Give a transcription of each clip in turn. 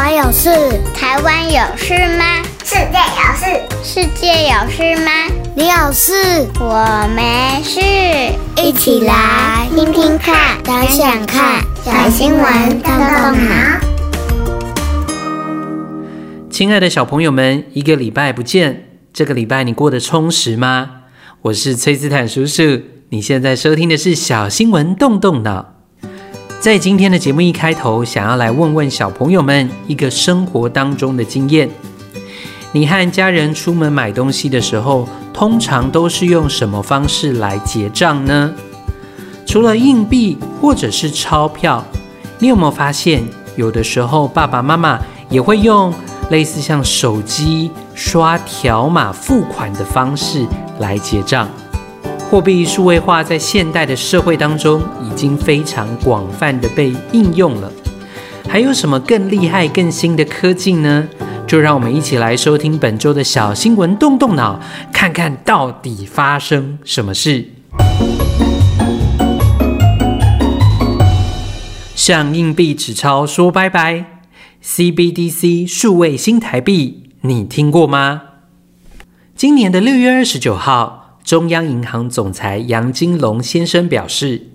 我有事，台灣有事嗎？世界有事，世界有事嗎？你有事，我沒事。一起來聽聽看，想想看,看,看，小新聞動動腦。親愛的小朋友們，一個禮拜不見，這個禮拜你過得充實嗎？我是崔斯坦叔叔，你現在收聽的是《小新聞動動腦》。在今天的節目一開頭，想要來問問小朋友們一個生活當中的經驗：你和家人出門買東西的時候，通常都是用什麼方式來結賬呢？除了硬幣或者是鈔票，你有沒有發現，有的時候爸爸媽媽也會用類似像手機刷條碼付款的方式來結賬？貨幣數位化在現代的社會當中已經非常廣泛的被應用了，還有什麼更厲害、更新的科技呢？就讓我們一起來收聽本周的小新聞，動動腦，看看到底發生什麼事。向硬幣紙鈔說拜拜，CBDC 數位新台幣，你聽過嗎？今年的六月二十九號，中央銀行總裁楊金龍先生表示，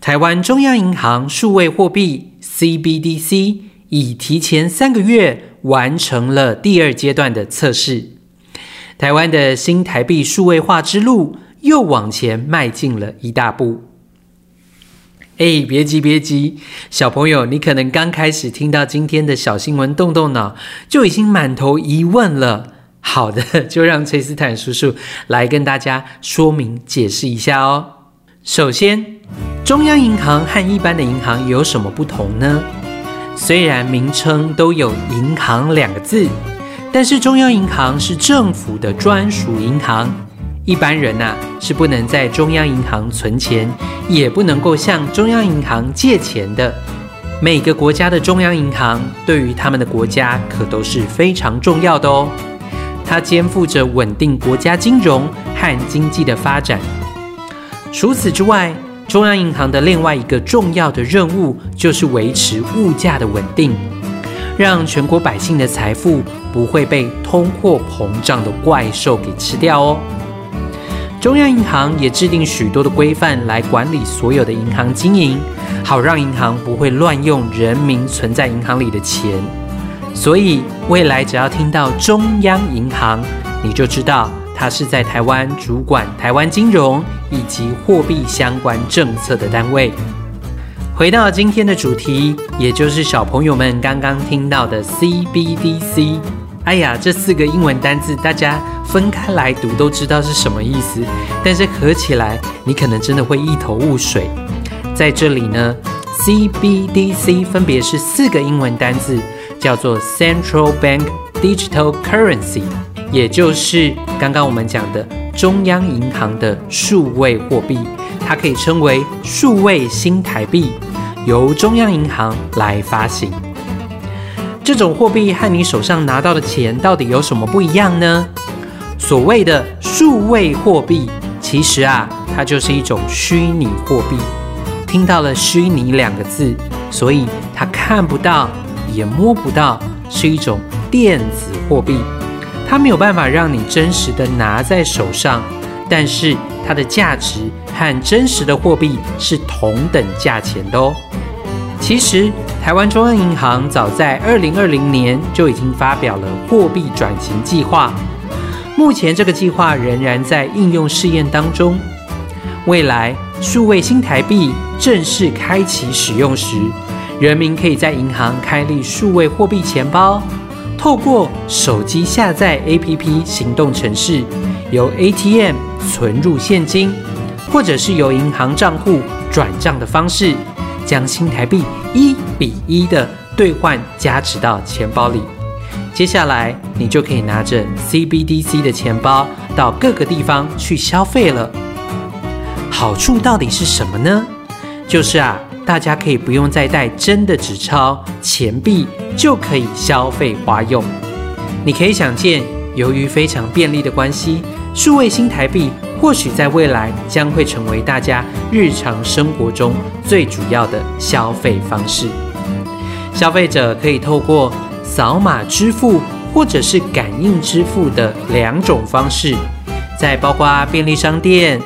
台灣中央銀行數位貨幣 （CBDC） 已提前三個月完成了第二階段的測試。台灣的新台幣數位化之路又往前邁進了一大步。哎，別急，別急，小朋友，你可能剛開始聽到今天的小新聞，動動腦就已經滿頭疑問了。好的，就讓崔斯坦叔叔來跟大家說明解釋一下哦。首先，中央銀行和一般的銀行有什麼不同呢？雖然名稱都有“銀行”兩個字，但是中央銀行是政府的專屬銀行，一般人吶是不能在中央銀行存錢，也不能夠向中央銀行借錢的。每個國家的中央銀行對於他們的國家可都是非常重要的哦。它肩負着穩定國家金融和經濟的發展。除此之外，中央銀行的另外一個重要的任務就是維持物價的穩定，讓全國百姓的財富不會被通貨膨脹的怪獸給吃掉哦。中央銀行也制定許多的規範來管理所有的銀行經營，好讓銀行不會亂用人民存在銀行裡的錢。所以未來只要聽到中央銀行，你就知道它是在台灣主管台灣金融以及貨幣相關政策的單位。回到今天的主題，也就是小朋友們剛剛聽到的 CBDC。哎呀，這四個英文單字，大家分開來讀都知道是什麼意思，但是合起來你可能真的會一頭霧水。在這裡呢，CBDC 分別是四個英文單字。叫做 Central Bank Digital Currency，也就是剛剛我們講的中央銀行的數位貨幣，它可以稱為數位新台幣，由中央銀行來發行。這種貨幣和你手上拿到的錢到底有什麼不一樣呢？所謂的數位貨幣，其實啊，它就是一種虛擬貨幣。聽到了“虛擬”兩個字，所以它看不到。也摸不到，是一種電子貨幣，它沒有辦法讓你真實的拿在手上，但是它的價值和真實的貨幣是同等價錢的哦。其實，台灣中央銀行早在二零二零年就已經發表了貨幣轉型計劃，目前這個計劃仍然在應用試驗當中。未來數位新台幣正式開啟使用時，人民可以在銀行開立數位貨幣錢包，透過手機下載 APP 行動程式，由 ATM 存入現金，或者是由銀行賬戶轉賬的方式，將新台幣一比一的兌換加持到錢包裡。接下來，你就可以拿着 CBDC 的錢包到各個地方去消費了。好處到底是什麼呢？就是啊。大家可以不用再帶真的紙鈔、錢幣，就可以消費花用。你可以想見，由於非常便利的關係，數位新台幣或許在未來將會成為大家日常生活中最主要的消費方式。消費者可以透過掃碼支付或者是感應支付的兩種方式，再包括便利商店、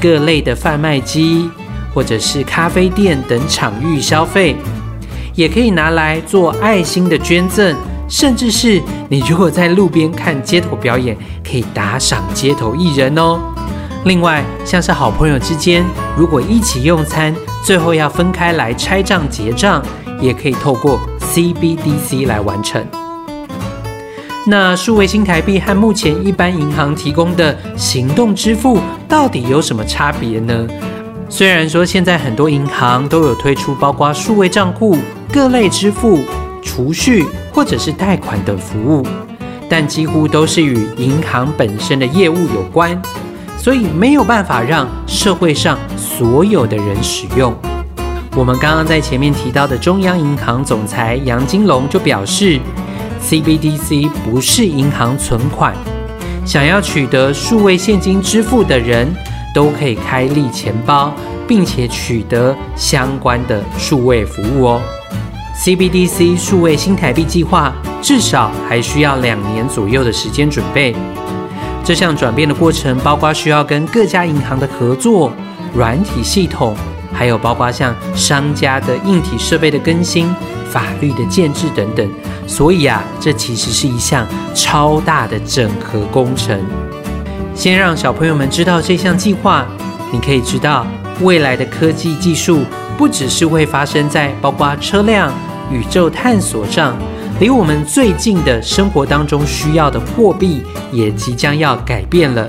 各類的販賣機。或者是咖啡店等場域消費，也可以拿來做愛心的捐贈，甚至是你如果在路邊看街頭表演，可以打賞街頭藝人哦。另外，像是好朋友之間如果一起用餐，最後要分開來拆賬結賬，也可以透過 CBDC 來完成。那數位新台幣和目前一般銀行提供的行動支付到底有什麼差別呢？雖然說現在很多銀行都有推出包括數位賬戶、各類支付、儲蓄或者是貸款等服務，但幾乎都是與銀行本身的業務有關，所以沒有辦法讓社會上所有的人使用。我們剛剛在前面提到的中央銀行總裁楊金龍就表示，CBDC 不是銀行存款，想要取得數位現金支付的人，都可以開立錢包，並且取得相關的數位服務哦。CBDC 數位新台幣計劃至少還需要兩年左右的時間準備。這項轉變的過程，包括需要跟各家銀行的合作、軟體系統，還有包括像商家的硬體設備的更新、法律的建制等等。所以啊，這其實是一項超大的整合工程。先讓小朋友們知道這項計劃。你可以知道，未來的科技技術不只是會發生在包括車輛、宇宙探索上，離我們最近的生活當中需要的貨幣也即將要改變了。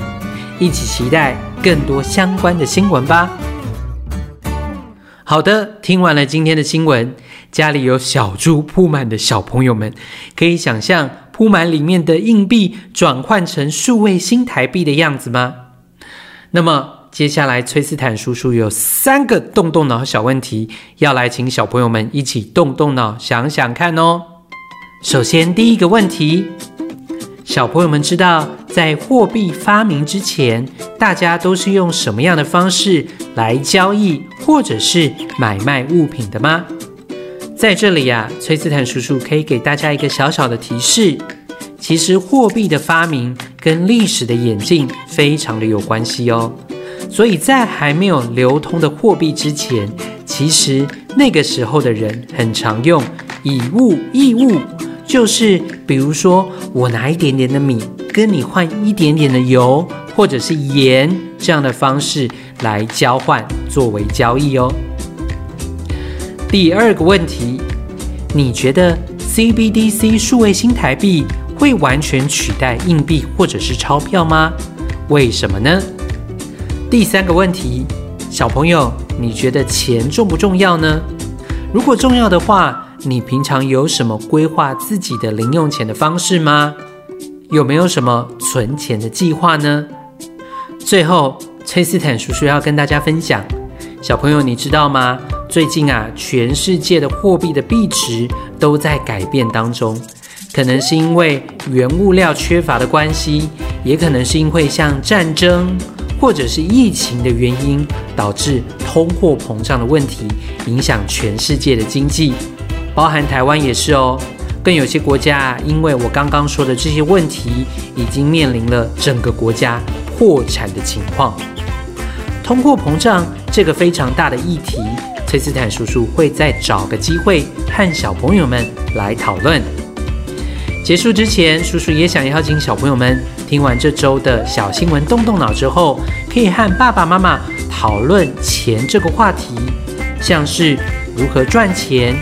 一起期待更多相關的新聞吧。好的，聽完了今天的新聞，家裡有小豬撲滿的小朋友們，可以想象鋪滿裡面的硬幣，轉換成數位新台幣的樣子嗎？那麼接下來，崔斯坦叔叔有三個動動腦小問題，要來請小朋友們一起動動腦，想想看哦。首先，第一個問題，小朋友們知道在貨幣發明之前，大家都是用什麼樣的方式來交易或者是買賣物品的嗎？在這裡呀、啊，崔斯坦叔叔可以給大家一個小小的提示：其實貨幣的發明跟歷史的演進非常的有關係哦。所以在還沒有流通的貨幣之前，其實那個時候的人很常用以物易物，就是比如說我拿一點點的米跟你換一點點的油或者是鹽，這樣的方式來交換作為交易哦。第二個問題，你覺得 CBDC 數位新台幣會完全取代硬幣或者是鈔票嗎？為什麼呢？第三個問題，小朋友，你覺得錢重不重要呢？如果重要的話，你平常有什麼規劃自己的零用錢的方式嗎？有沒有什麼存錢的計劃呢？最後，崔斯坦叔叔要跟大家分享，小朋友，你知道嗎？最近啊，全世界的貨幣的幣值都在改變當中，可能是因為原物料缺乏的關係，也可能是因為像戰爭或者是疫情的原因，導致通貨膨脹的問題，影響全世界的經濟，包含台灣也是哦。更有些國家，因為我剛剛說的這些問題，已經面臨了整個國家破產的情況。通貨膨脹這個非常大的議題，崔斯坦叔叔會再找個機會和小朋友們來討論。結束之前，叔叔也想邀請小朋友們聽完這週的小新聞，動動腦之後，可以和爸爸媽媽討論錢這個話題，像是如何賺錢、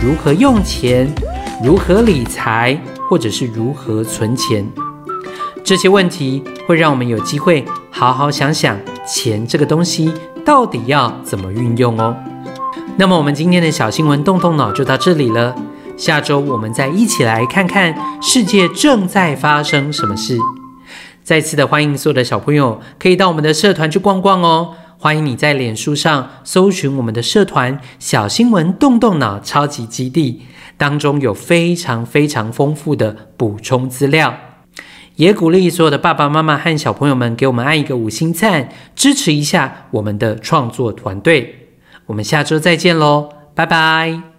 如何用錢、如何理財，或者是如何存錢。這些問題會讓我們有機會好好想想錢這個東西到底要怎麼運用哦。那麼，我們今天的小新聞動動腦就到這裡了。下周我們再一起來看看世界正在發生什麼事。再次的歡迎所有的小朋友可以到我們的社團去逛逛哦。歡迎你在臉書上搜尋我們的社團“小新聞動動腦超級基地”，當中有非常非常豐富的補充資料。也鼓勵所有的爸爸媽媽和小朋友們給我們按一個五星讚，支持一下我們的創作團隊。我們下周再見嘍，拜拜。